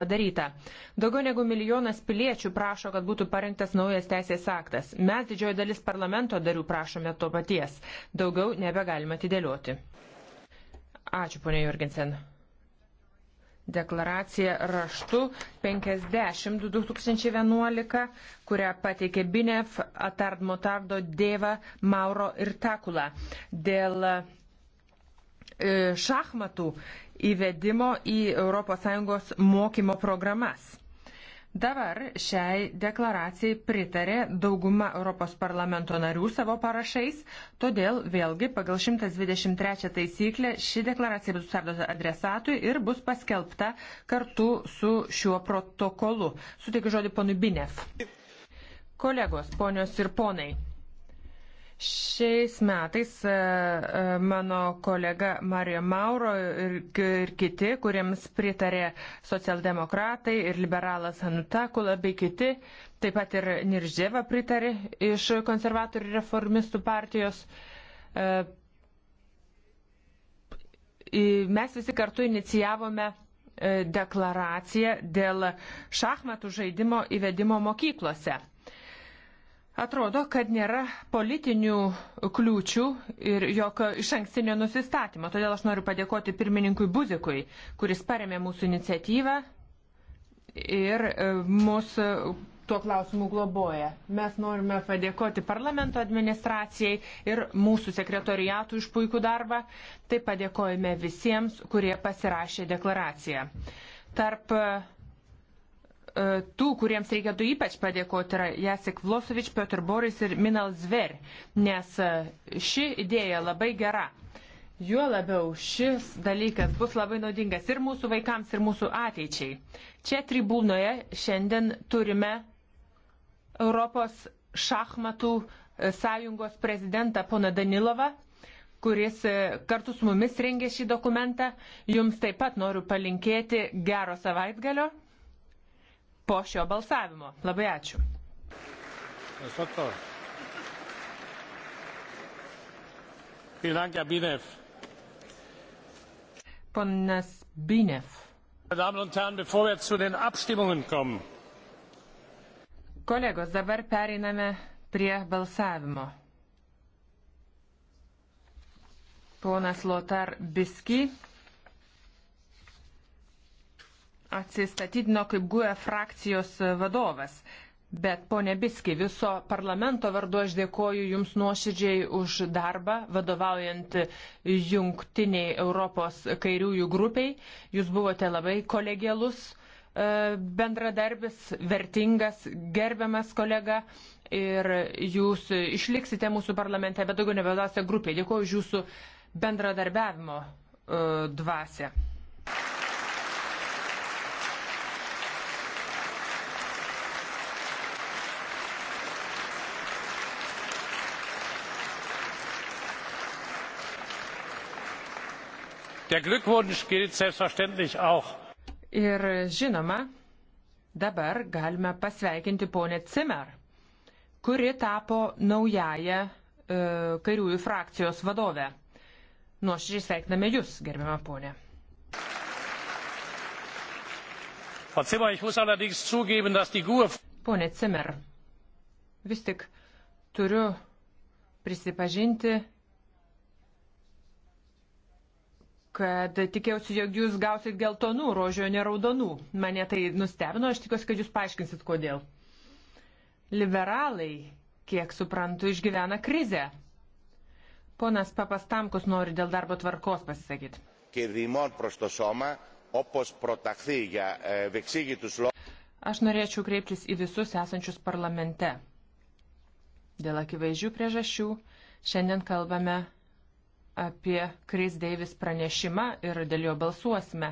padaryta. Daugiau negu milijonas piliečių prašo, kad būtų parengtas naujas teisės aktas. Mes didžioji dalis parlamento darių prašome to paties. Daugiau nebegalime atidėlioti. Ačiū, ponė Jurgensen. Deklaracija raštu 50-2011, kurią pateikė Binef, Atard Motardo, Dėva, Mauro ir Takula dėl E, šachmatų įvedimo į ES mokymo programas. Dabar šiai deklaracijai pritarė dauguma Europos parlamento narių savo parašais, todėl vėlgi pagal 123 taisyklę ši deklaracija bus perduota adresatui ir bus paskelbta kartu su šiuo protokolu. Suteikiu žodį ponui Binev. Kolegos, ponios ir ponai. Šiais metais e, e, mano kolega Mario Mauro ir, ir kiti, kuriems pritarė socialdemokratai ir liberalas Anutakula bei kiti, taip pat ir Nirždėva pritarė iš konservatorių reformistų partijos. E, mes visi kartu inicijavome deklaraciją dėl šachmatų žaidimo įvedimo mokyklose. Atrodo, kad nėra politinių kliūčių ir jokio iš ankstinio nusistatymo. Todėl aš noriu padėkoti pirmininkui Buzikui, kuris paremė mūsų iniciatyvą ir e, mus tuo klausimu globoja. Mes norime padėkoti parlamento administracijai ir mūsų sekretoriatų už puikų darbą. Taip padėkojame visiems, kurie pasirašė deklaraciją. Tarp e, E, tų, kuriems reikėtų ypač padėkoti, yra Jasik Vlosovič, Piotr Boris ir Minal Zver, nes e, ši idėja labai gera. Juo labiau šis dalykas bus labai naudingas ir mūsų vaikams, ir mūsų ateičiai. Čia tribūnoje šiandien turime Europos šachmatų e, sąjungos prezidentą poną Danilovą, kuris kartu su mumis rengė šį dokumentą. Jums taip pat noriu palinkėti gero savaitgalio po šio balsavimo. Labai ačiū. Ponas Binev. Kolegos, dabar pereiname prie balsavimo. Ponas Lotar Biski atsistatydino kaip GUE frakcijos vadovas. Bet, ponė Biski, viso parlamento vardu aš dėkoju Jums nuoširdžiai už darbą, vadovaujant jungtiniai Europos kairiųjų grupiai. Jūs buvote labai kolegialus e, bendradarbis, vertingas, gerbiamas kolega ir jūs išliksite mūsų parlamente, bet daugiau nebedausite grupiai. Dėkoju už Jūsų bendradarbiavimo e, dvasę. Der Glückwunsch gilt selbstverständlich auch. Ir žinoma, dabar galime pasveikinti ponę Cimer, kuri tapo naująją e, kairiųjų frakcijos vadovę. Nuoširdžiai sveikiname Jūs, gerbiama ponė. E Pone Cimer, vis tik turiu prisipažinti, kad tikėjausi, jog jūs gausit geltonų rožių, o ne raudonų. Mane tai nustebino, aš tikiuosi, kad jūs paaiškinsit, kodėl. Liberalai, kiek suprantu, išgyvena krizę. Ponas Papastamkus nori dėl darbo tvarkos pasisakyti. Aš norėčiau kreiptis į visus esančius parlamente. Dėl akivaizdžių priežasčių šiandien kalbame apie Kris Deivis pranešimą ir dėl jo balsuosime.